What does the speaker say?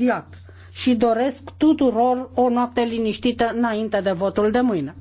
imediat și doresc tuturor o noapte liniștită înainte de votul de mâine.